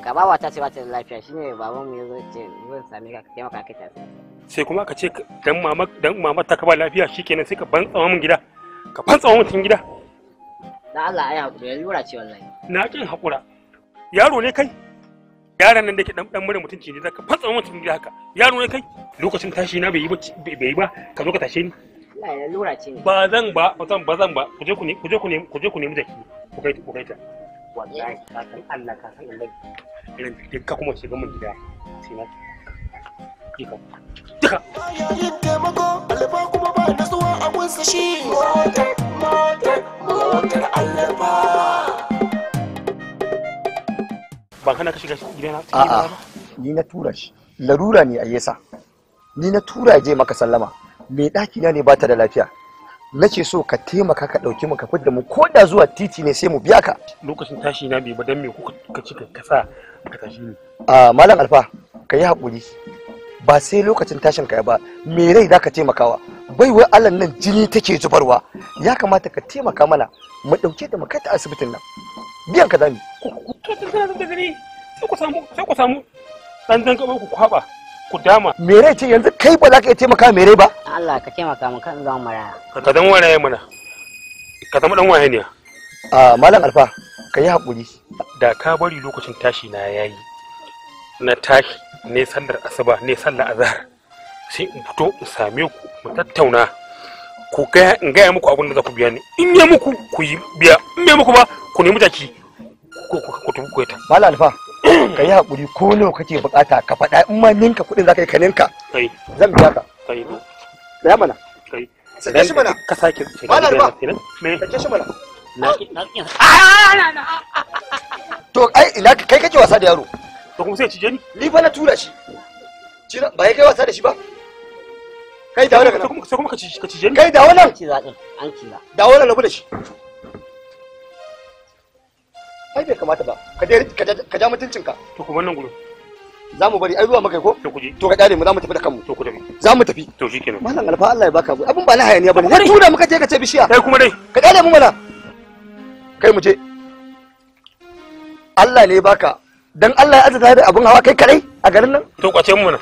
taimaka ba wata ce wata lafiya shine baban mu yazo ce zan sami ka taimaka ka ta sai kuma ka ce dan mama dan mama ta ka ba lafiya shikenan sai ka ban tsawon mun gida ka ban tsawon mutun gida na Allah ai hakuri ya yura ce wallahi na kin hakura yaro ne kai yaran nan da ke dan dan mure mutunci ne zaka fantsa mutum gida haka yaro ne kai lokacin tashi na bai yi ba bai yi ba ka zo ka tashi ni lura ce ba zan ba ba zan ba ku je ku ne ku je ku ne ku je ku ne mu da ku kai ku kai ta wallahi ka san Allah ka san Allah irin duk ka kuma shiga mun gida sai na kika duka yayin taimako alfa kuma ba nasuwa a gunsa shi motar motar motar alfa ba kana ka shiga gidana a'a ni na tura shi larura ne a yasa ni na tura je maka sallama mai ɗakina ne ba ta da lafiya nake so ka taimaka ka ɗauki mu ka da mu ko da zuwa titi ne sai mu biya ka lokacin tashi na bai ba dan me kuka ci ka kasa ka tashi ni a malam alfa ka yi hakuri ba sai lokacin tashin ka ba me rai da ka taimakawa bai wai allan nan jini take zubarwa ya kamata ka taimaka mana mu ɗauke da mu kai ta asibitin nan biyan ka zami ku ku ku ku sai ku samu. ku ku ku ku ku ku dama mere ce yanzu kai ba za ka iya taimaka mere ba Allah ka taimaka mun kan zama mara. ka dan maraya mana ka zama dan waye ne a Mallam alfa ka yi hakuri. da ka bari lokacin tashi na yayi na tashi ne sallar asuba ne sallar azhar sai in fito in same ku mu tattauna ku ga in gaya muku abun da za ku biya ni in ya muku ku yi biya in ya muku ba ku nemi taki ku ta ku ta Mallam alfa ka yi haƙuri ko nawa kake bukata ka faɗa in ma ninka kuɗin zaka yi ka ninka zan biya ka mana ka sake ba shi to ai ina kai kake ba kai da shi ba kai an kila da wannan rabu da shi ai bai kamata ba ka dai ka ja mutuncinka to ku wannan gurin za mu bari ai zuwa maka ko to ku to ka dare mu za mu tafi da kanmu to ku tafi za mu tafi to shikenan mallan alfa Allah ya baka abin ba na hayaniya bane ka tura muka je ka ce bishiya kai kuma dai ka dare mu mana kai mu je Allah ne baka dan Allah ya azata da abin hawa kai kadai a garin nan to kwace mu mana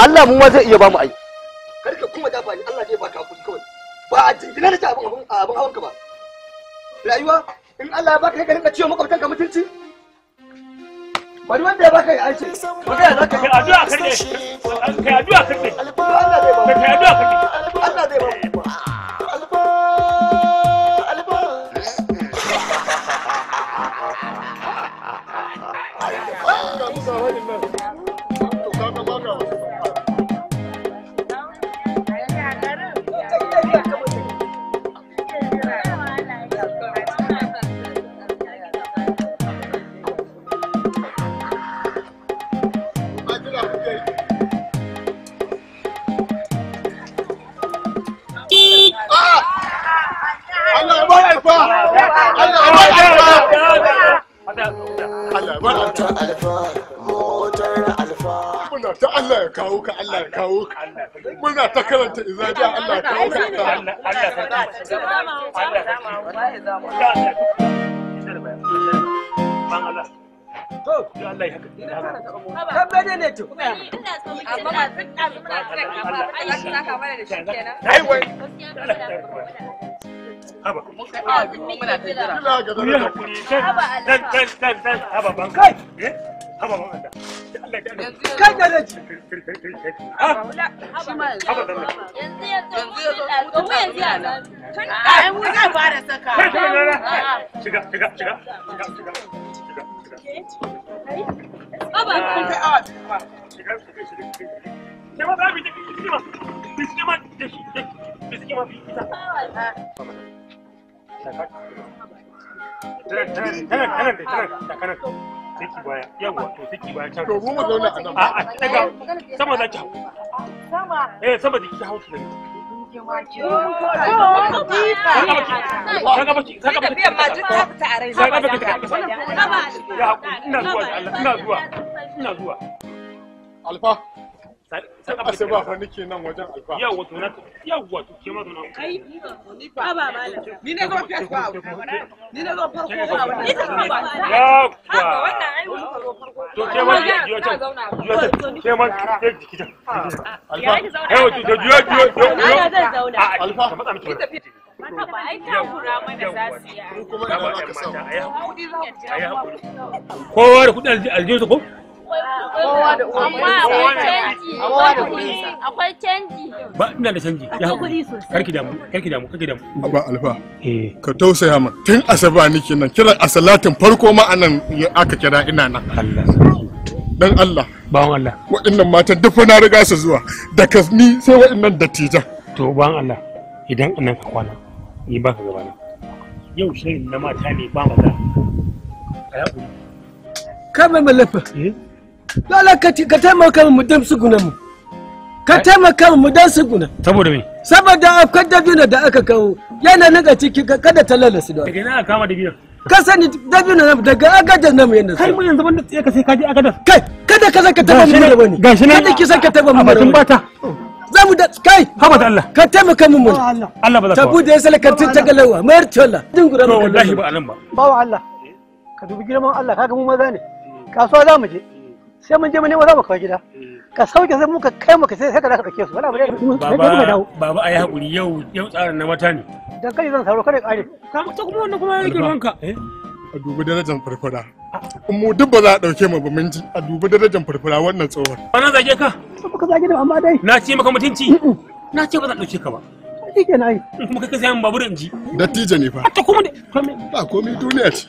Allah mu ma zai iya ba mu ai kar ka kuma da bani Allah ne baka kuɗi kawai ba a jinjina da abin abin hawan ka ba rayuwa in Allah ya baka ka rinka ciwo makwabtanka mutunci bari wanda ya baka ya aice wanda ya zaka kai addu'a karbe kai addu'a karbe Allah zai ba Allah zai ba Motar alfa, motar alfa. Muna ta Allah ya kawo ka, Allah ya kawo ka. Muna ta karanta izaji Allah ya kawo ka. Allah ya kawo ka. Allah ya kawo ka. haba muna ta jira ku yi hakuri dan dan dan dan haba ban kai eh haba ban Allah da Allah da Allah kai da laji haba dan yanzu ya zo ga wayan ya na tun da ai mu zan fara saka shiga shiga shiga shiga shiga Baba, kun kai awa kuma. Shiga shiga shiga shiga. Ke ma za mu je ki ma. Ki ma da shi. Ki ma bi ita. siki baya can sama eh sama da ki hau ki Alfa. sai ba nan wajen alfa yawa to na yawa to ke ma to na kai ni ba ba ni ne ba ni ne farko ba ba ba wannan ai wani farko to ke ma yo ta ke ma ke ta ah, alfa eh, to ah, ah, alfa ka miki da Kowa da kudin aljihunsa ko? amma akwai canji ba ina da canji ya hakuri karki damu karki damu karki damu ba alfa eh. ka tausaya ma. tun asaba nake nan kira asalatin farko ma anan aka kira ina nan Allah dan Allah bawan Allah waɗannan matan duk na riga su zuwa daga ni sai da dattijan to bawan Allah idan anan ka kwana ni ba ka gabana yau shirin na mata ne ba maza ka mai mallafa eh? Lala ka taimaka mu dan suguna mu. Ka eh? taimaka mu dan suguna. Saboda me? Saboda akwai dabino da aka kawo yana naga a ciki kada ta lalasa da. Daga ina aka kama dabino? Ka sani dabino na daga agadar namu yana. Kai mu yanzu banda tsaye ka sai ka je agadar. Kai kada ka saka taba mu mara bane. Gashi nan. Kada ki saka taba mu mara. bata. Za mu da kai. Haba da Allah. Ka taimaka mu mu. Allah. Allah ba za ka. Tabu da ya salakantun ta galawa mayar Din gura ba wallahi ba anan ba. Bawa Allah. Ka dubi girman Allah kaga mu maza ne. Kasuwa za mu je. sai mun je mun nemo za mu kawo gida mm. ka sauke sai muka kai muka sai sai ka zaka dauke su wala bare baba baba ayi hakuri yau yau tsarin na mata ne dan kai zan saro kare kare ka ta kuma wannan kuma yake ranka eh? a dubi darajar farfara mu duk ba za a dauke mu ba mun ji a dubi darajar farfara wannan tsohon wannan zage ka muka zage da amma dai na ce maka mutunci na ce ba zan dauke ka ba Shi kenan ai. Muka kai sai mun babu ranji Dattijo ne fa. Ta kuma ne. Ba komai duniya ce.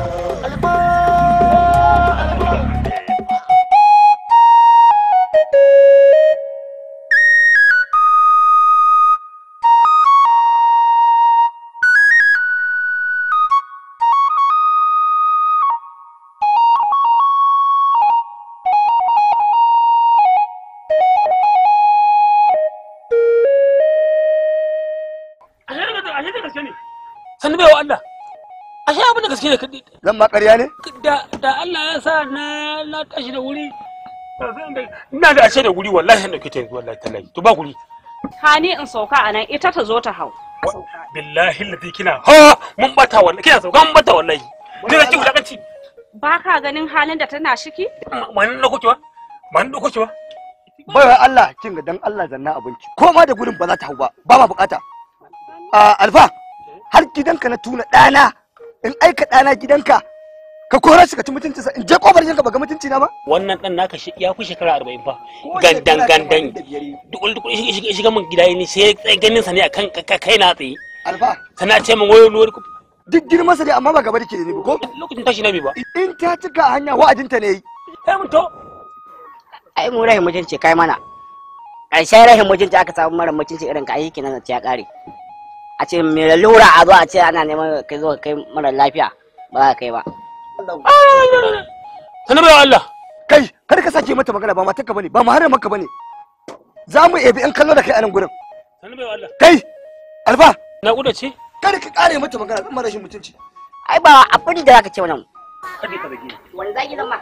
gaske da kaɗi zan ma ƙarya ne da Allah ya sa na na tashi da wuri ina da ashe da wuri wallahi na yanzu wallahi tallahi to ba guri hani in sauka a nan ita ta zo ta hau billahi lati kina ha mun bata wallahi kina sauka mun bata wallahi ni da kiku dakanci ba ka ganin halin da tana shiki man na kuke wa man na kuke wa bai Allah kin ga dan Allah zanna abinci ko ma da gurin ba za ta hau ba ba ma bukata alfa har gidanka na tuna ɗana in aika ɗana gidanka ka kora shi ka ci mutuncinsa in je kofar gidanka ba ga mutunci na ba wannan dan naka ya fi shekara arba'in fa gandan gandan Duk dukul shiga min gida ne sai ganin sa ne akan kai na tsaye alfa sana ce min wayo nuwar duk girman sa dai amma ba gaba da ke ne ba ko lokacin tashi na bi ba in ta cika hanya wa'adinta ne yi kai eh, mun to ai mu rahin mutunci kai mana sai rahin mutunci aka samu mara mutunci irin ka ai kenan ya kare a ce mai lalura a zo a ce ana neman kai zo kai mara lafiya ba kai ba sanar da Allah kai kar ka sake mata magana ba matarka bane ba maka bane za mu ebi in kallo da kai a nan gurin kai alfa na kuda ce kar ka kare mata magana zan mara shi mutunci ai ba abin da zaka ce wannan kada ka bage Wani zaki zama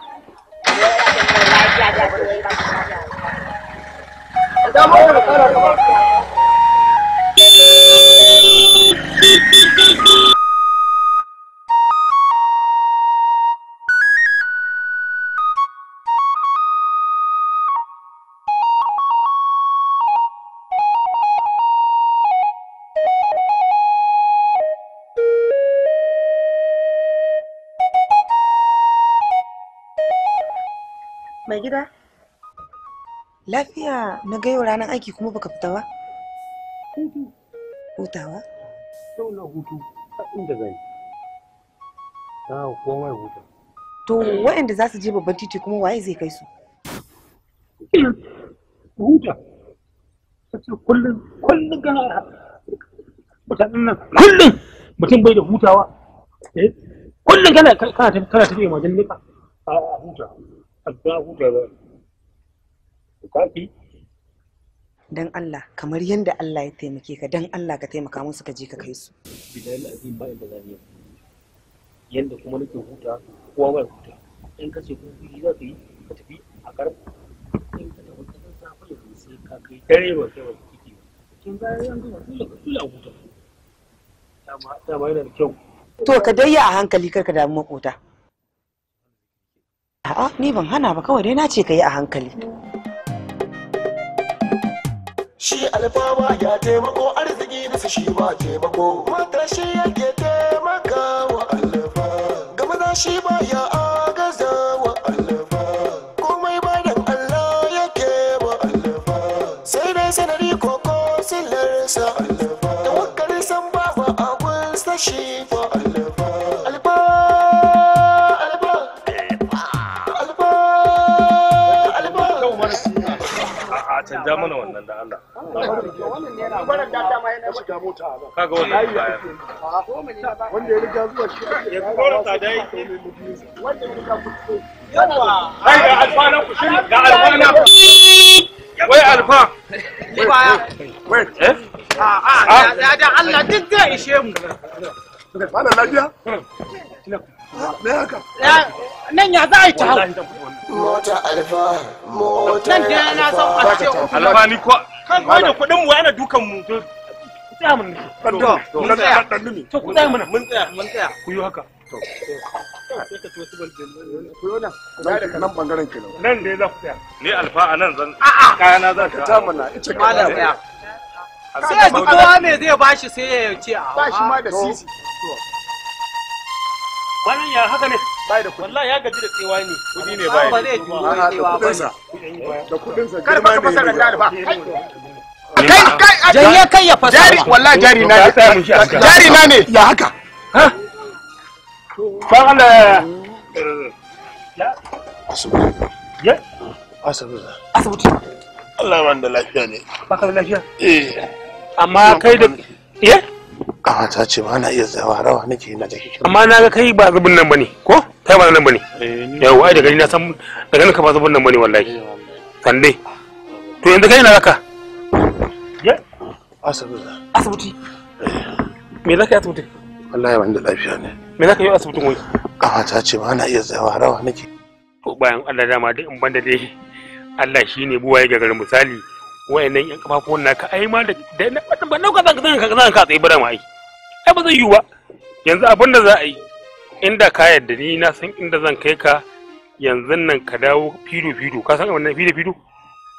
Lafiya na ga yau ranar aiki kuma baka fita ba? Hutu. Hutawa? Yau na hutu a inda zai. Ta mai hutu. To waɗanda za su je babban titi kuma waye zai kai su? Huta. Sace kullum kullum ga mutanen nan kullum mutum bai da hutawa. Eh? Kullum kana kana tafiya majalika a huta. A huta ba. tufafi dan Allah kamar yadda Allah ya taimake ka dan Allah ka taimaka musu ka je ka kai su bidan azim ba inda zan yi yanda kuma nake huta kowa mai huta in ka ce kun kuɗi za ka yi ka tafi a kar in ka tafi cikin safa ya zo sai ka kai dare ba kai ba kiki ba kin ga yanzu dole ka tula huta dama dama yana da kyau to ka dai a hankali kar ka damu makota a'a ni ban hana ba kawai dai na ce ka yi a hankali matashi alfawa ya taimako arziki bisa shi ba taimako matashi yake taimaka wa alfa ga maza shi ba ya agaza wa alfa komai bayan Allah yake wa alfa sai dai sanari ko ko silarsa alfa mana wannan da Allah wannan wannan da wanda ya riga zuwa shi ya kora ta wanda ya riga yawa ga ku shin ga alfana wai alfa wai eh a ah, a ah, ah. ya da Allah duk zai ishe mu lafiya hmm. nan ya za a yi ta hau mota alfa mota nan da na san a ce alfa ni ko kan kai da kudin mu yana dukan mu tsaya mun mun tsaya to ku tsaya mun mun tsaya mun tsaya ku yi haka to a sai ya ji kowa me zai bashi sai ya ce a ba ma da sisi Wannan ya haka ne? Bai da kuɗi. Wallahi ya gaji da tsewa ne. Kuɗi ne bai. Ba zai ba. Da Kar ba ka fasa da jari Kai janye kai ya fasa. Jari wallahi jari na ne. Jari na ne. Ya haka. Ha? Allah. Ya? Allah lafiya ne. Baka lafiya? Eh. Amma kai da Eh? a ah, ta ce ba na iya tsayawa rawa nake na jiki amma na ga kai ba zubin nan bane ko kai ba nan bane eh, yawa ai daga ni na san daga gani ka ba zubin nan bane wallahi kande eh, to yanzu kai na zaka ya asibiti asibiti eh. me zaka yi asibiti wallahi ban da lafiya ne me zaka yi asibitin wai a ah, ta ce ba na iya tsayawa rawa nake Ko bayan Allah dama duk in banda dai Allah shine buwaye ga garin misali wayannan yan kafafuwan naka ai ma da na ba nauka zan ka zan ka tsaye bara ma ai ai ba zai yi ba yanzu abin da za a yi inda ka yadda ni na san inda zan kai ka yanzu nan ka dawo fido fido ka san abin nan fido fido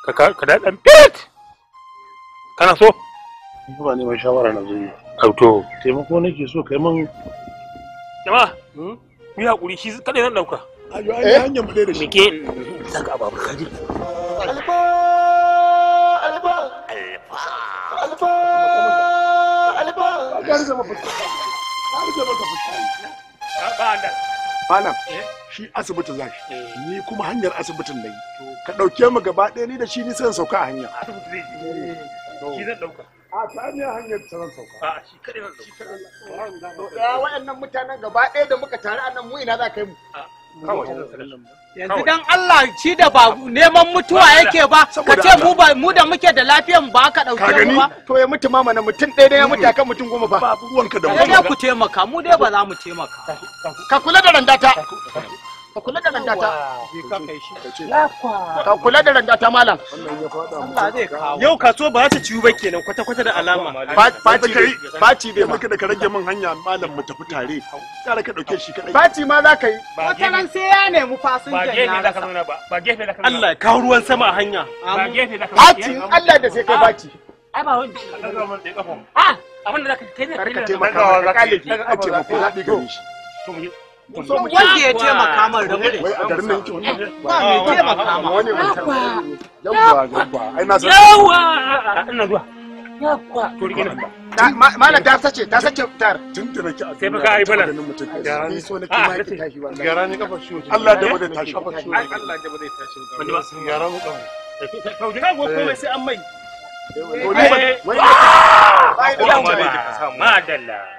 ka ka da dan fit kana so ni ba neman shawara na zuwa auto taimako nake so kai man jama'a mu hmm? yi hakuri shi kada nan dauka ayo yi hanyar mu da shi mike zaka babu kaji alfa rufe maka fuska. Ka rufe Malam, shi asibiti za Ni kuma hanyar asibitin da yi. Ka ɗauke mu gaba ɗaya ni da shi ni sai sauka a hanya. A ta ne hanyar ta zan sauka. A shi kaɗai zan ɗauka. Waɗannan mutanen gaba ɗaya da muka tare a nan mu ina za ka yi mu. yanzu dan Allah shi da ba neman mutuwa yake ba ka ce mu ba mu da muke da lafiyan ba ka dauke mu ba to ya mutu mama na mutum ɗaya ya mutu akan mutun goma ba babu wanka da mu ne ku taimaka mu dai ba za mu taimaka ka kula da randata ka kula da randata ka kula da randata malam yau kaso ba ta ciwu ba kenan kwata kwata da alama fati kai fati bai maka da ka min hanya malam mu tafi tare kare ka dauke shi kadai fati ma za ka yi wata sai ya nemi fasinjan na rasa ba da ka Allah ya ruwan sama a hanya ba gefe da Allah da sai kai ah! faci ai ba wani a ah! abin da za ka kai ne ka taimaka ka kale ka a taimako ka gare shi wanda ya taimaka mar da mure wai a garin nan yake wannan ba mai taimaka ma wani mutum yawa yawa ai na san yawa ina zuwa yawa to rike ni malam ta sace ta sace tar tun nake a sai baka ai bala ni so nake ma ki tashi wallahi shi Allah da bude tashi kafa shi Allah da bude tashi wani ba yara mu kafa to dina go komai sai an mai Madalla.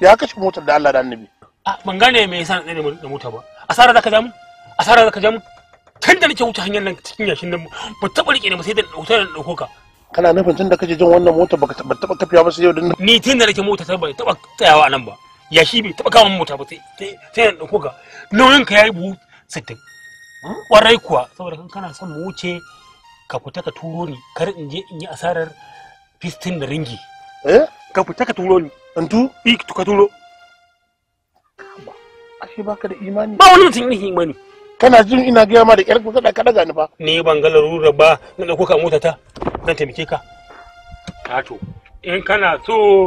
ya kashe motar da Allah da annabi ah, ban gane me yasa na da mota ba asara zaka jamu asara zaka jamu kan da nake wuce hanyar nan cikin yashin nan ba taɓa rike ne ba sai da wuta da ɗauko ka kana nufin tun da kaje jin wannan mota ba taɓa tafiya ba sai yau nan ni tun da nake mota ta ba taba tsayawa nan ba yashi bai taɓa kawo mota ba sai da ɗauko ka nauyin ka yayi buhu sittin kwarai kuwa saboda kan kana son mu wuce ka fita ka turo ni kar in je in yi asarar fistin da ringi eh? ka fita ka turo ni antu ik ka turo ashe ka da imani ba wani mutum yin imani kana jin ina gaya ma da kyar kusa da kada gani fa ni ban ga larura ba na dauko ka mota ta zan taimake ka kato in kana so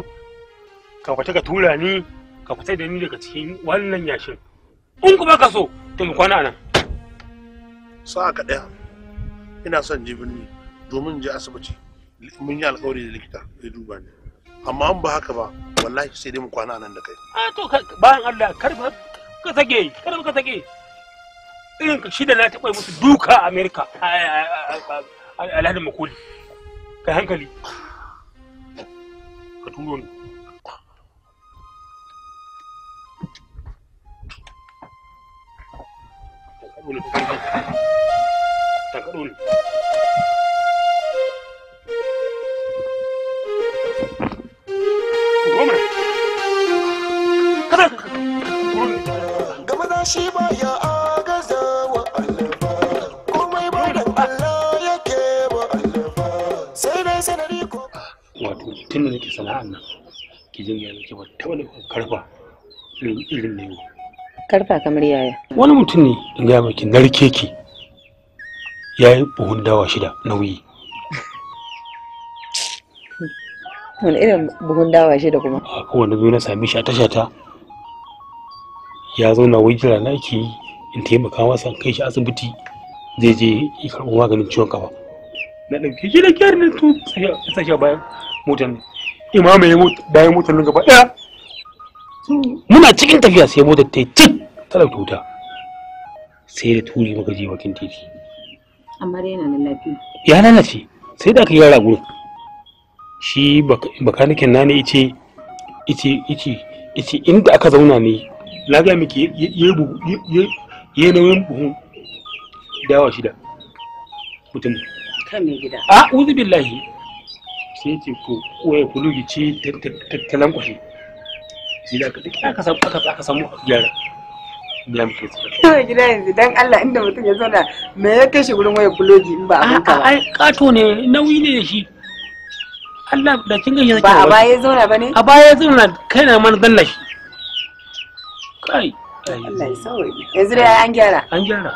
ka fita ka tura ni ka fita da ni daga cikin wannan yashin in kuma ka so to mu kwana nan sa'a ka daya ina son jibin ni domin je asibiti mun yi alkawari da likita zai duba ni amma an ba haka ba wallahi sai dai mu kwana nan da kai a to bayan Allah kar ba ka sake kar ka sake irin ka da na taɓa musu duka a America alhadin makoli ka hankali ka turo ni Thank you. karfa irin ne karfa kamar yaya wani mutum ne in ga miki narke ki ya buhun dawa shida nauyi wani irin buhun dawa shida kuma a kowane zo na sami shi a tasha ta ya zo wai jira na ake yi in taimaka masa in kai shi asibiti zai je ya karɓo maganin ciwon kafa na ɗauke shi da kyar na tu sai a bayan motar ne imama ya bayan motar nan gaba ɗaya muna cikin tafiya sai motar ta yi cik ta ɗauki wuta sai da turi muka je bakin titi amma dai yana lallafi ya lalace sai da aka yara gurin shi bakanikin na ne ice ice ice ice inda aka zauna ne na ga miki ya nauyin buhun dawa shida mutum kan mai gida a uzu billahi sai ce ko waya kulugi ce ta lankwashe gida ka duk aka samu aka aka gyara biya muke to yanzu dan Allah inda mutum ya zauna me ya kai shi gurin waya bulogi in ba abinka ba ai kato ne nauyi ne shi Allah da kin gashi ba a baya zauna bane a baya zauna kai na man zalla shi kai Allah ya sauke yanzu dai an gyara an gyara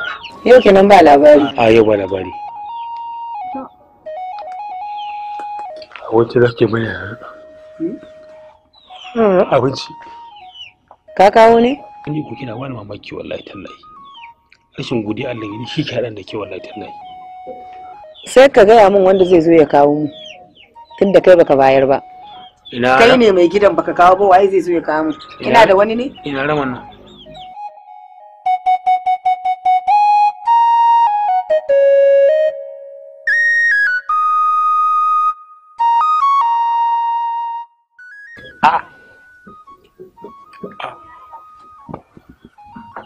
yau kenan ba labari a yau ba labari a wacce zake bayyana hmm? Mm, abinci ka kawo ne ni ku kina wani mamaki wallahi tallahi rashin Allah ne shi kaɗan da ke wallahi tallahi sai ka gaya min wanda zai zo ya kawo mu tunda kai baka bayar ba kai ne mai gidan baka kawo ba wai zai zo ya kawo mu ina da wani ne ina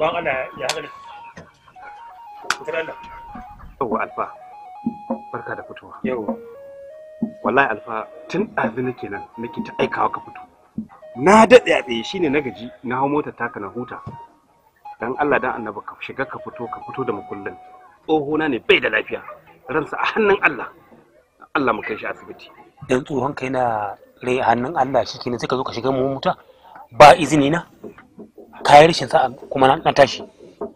ban Allah ya haka ne Allah yawa alfa barka da fitowa yawa wallahi alfa tun ɗazu nake nan nake ta aikawa ka fito na daɗe a tsaye shine na gaji na hau motar taka na huta dan Allah dan annabi ka shiga ka fito ka fito da makullin tsohona ne bai da lafiya ransa a hannun Allah Allah mu kai shi asibiti dan tsohon kai na rai a hannun Allah shi ne sai ka zo ka shiga mu muta ba izini na kayan rashin sa'a kuma na tashi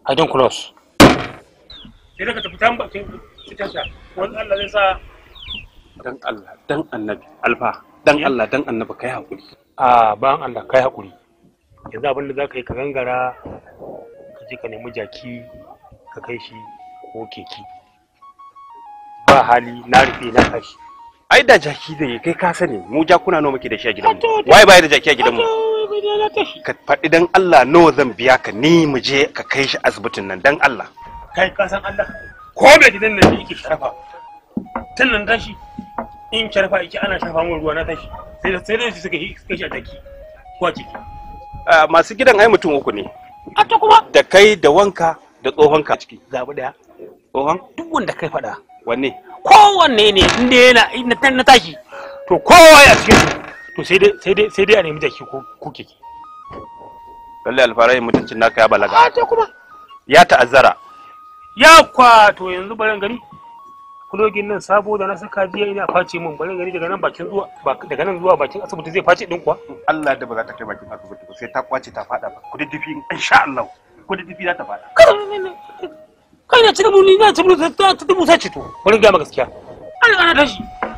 a don kulos. sai daga tafi tan bakin wani Allah zai sa dan Allah dan annabi alfa dan Allah dan annabi kai haƙuri. a ban Allah kai haƙuri. yanzu abin da za ka yi ka gangara ka je ka nemi jaki ka kai shi ko keki ba hali na rufe na tashi ai da jaki zai kai ka sani mu jakuna nawa muke da shi a gidanmu Wai bai da jaki a gidanmu ne na kashi ka faɗi dan Allah nawa zan biya ka ni mu je ka kai shi asibitin nan dan Allah kai kasan Allah ko da gidan nan yake sharafa tun nan tashi in sharafa yake ana shafa mun ruwa na tashi sai da sai da su suka yi suka shi a taki ko a ciki masu gidan ai mutum uku ne a ta kuma da kai da wanka da tsohon ka ciki zabi daya tsohon duk wanda kai faɗa wanne kowanne ne inda yana na tashi to kowa ya cikin to sai dai sai dai a nemi jaki ko ki lalle alfarai mutuncin naka ya balaga a to kuma ya ta'azzara ya kwa to yanzu baran gani kulogin nan sabo da na saka jiya ina face min baran gani daga nan bakin zuwa daga nan zuwa bakin asibiti zai face din kuwa Allah da ba za ta kai bakin asibiti ba sai ta kwace ta fada ba ku diddifi insha Allah ku diddifi za ta fada kai na ci dubu ni na ci dubu ta ta dubu sai ci to barin ga ma gaskiya Allah na tashi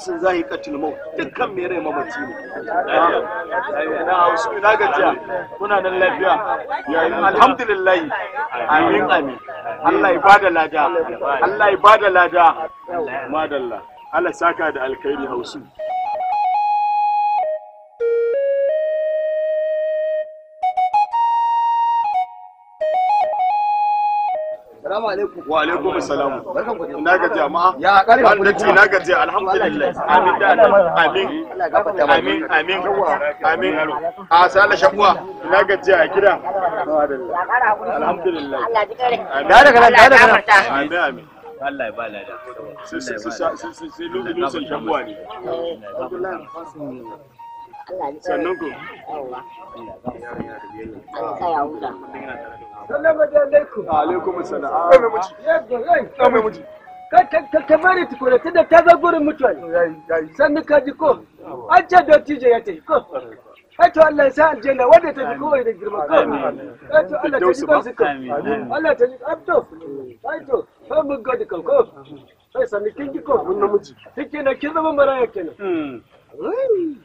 nafsin zahiqatul maut dukkan mai rai mamaci ne na hausu ina gajiya kuna nan lafiya alhamdulillah amin amin Allah ya bada lada Allah ya bada lada madalla Allah saka da alkhairi hausu alaikum. Wa alaikum assalam. Barkan ku. Ina ga jama'a. Ya kare ku. ga jama'a alhamdulillah. Amin da amin. Amin amin amin. A sala shabuwa. Ina ga jama'a gida. Alhamdulillah. Allah ji kare. Da daga nan da daga nan. Amin amin. Allah ya ba lada. Sai lokacin ne. Eh, Sannan ku. Allah ya Salamu alaikum. Alaikum salam. Ɗan miji. Ka ta zo gurin mutuwa. Sannu ka ji ko? An ce ya ko? Allah ya sa aljanna wanda ta kowai da girma ko? Allah ta ji Allah ta ji abdo. gode ko? Sai sannu kin ji ko? Kike na kin zama maraya kenan. Hmm.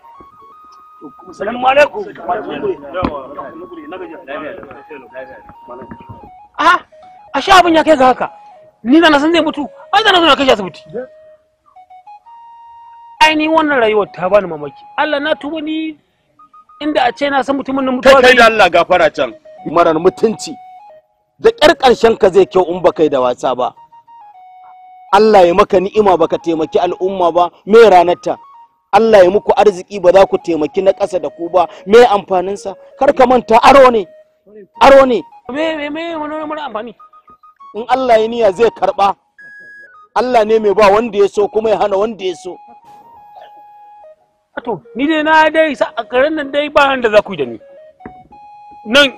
Salamu alaikum. Ah, ashe abin ya kai ga haka. Ni da na san zai mutu, ai da na kai shi asibiti. Ai ni wannan rayuwar ta bani mamaki. Allah na tuba ni inda a ce na san mutumin nan mutuwa. Kai da Allah gafara can. Marar mutunci. Da ƙyar ƙarshen ka zai kyau in ba kai da wasa ba. Allah ya maka ni'ima baka taimaki al'umma ba me ranar ta. Allah ya muku arziki ba za ku taimaki na ƙasa da ku ba me amfaninsa kar ka manta aro ne aro ne me me wani wani amfani in Allah ya niya zai karba Allah ne mai ba wanda ya so kuma ya hana wanda ya so to ni dai na dai sa a karen nan dai ba da za ku yi da ni nan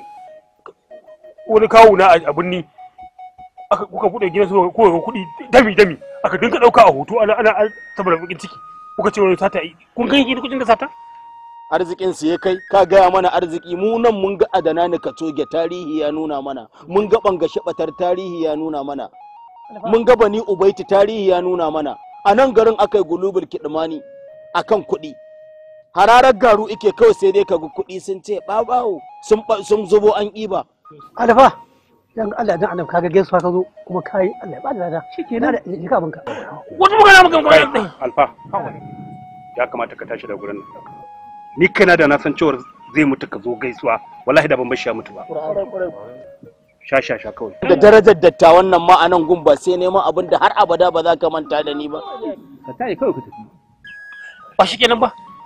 wani kawo na abin ni aka kuka buɗe su ko kuɗi dami dami aka dinka ɗauka a hoto ana ana saboda bakin ciki kuka ce wani sata kun kai ki da sata arzikin su ya kai ka gaya mana arziki mu nan mun ga adana ni ka toge tarihi ya nuna mana mun ga banga shabatar tarihi ya nuna mana mun ga bani ubaiti tarihi ya nuna mana a nan garin aka yi gulubul kidmani akan kuɗi hararar garu ike kawai sai dai ka ga kuɗi sun ce ɓaɓawo sun zubo an ƙiba alfa dan Allah dan annabi kaga gaisuwa ka zo kuma kai Allah ba da shikenan ni ka banka wata magana muka muka alfa ya kamata ka tashi da gurin nan ni kana da na san cewa zai mutu ka zo gaisuwa wallahi da ban bashi ya mutu ba sha sha sha kawai da darajar datta wannan ma anan gun ba sai neman abin da har abada ba za ka manta da ni ba ka tashi kawai ku tafi ba shikenan ba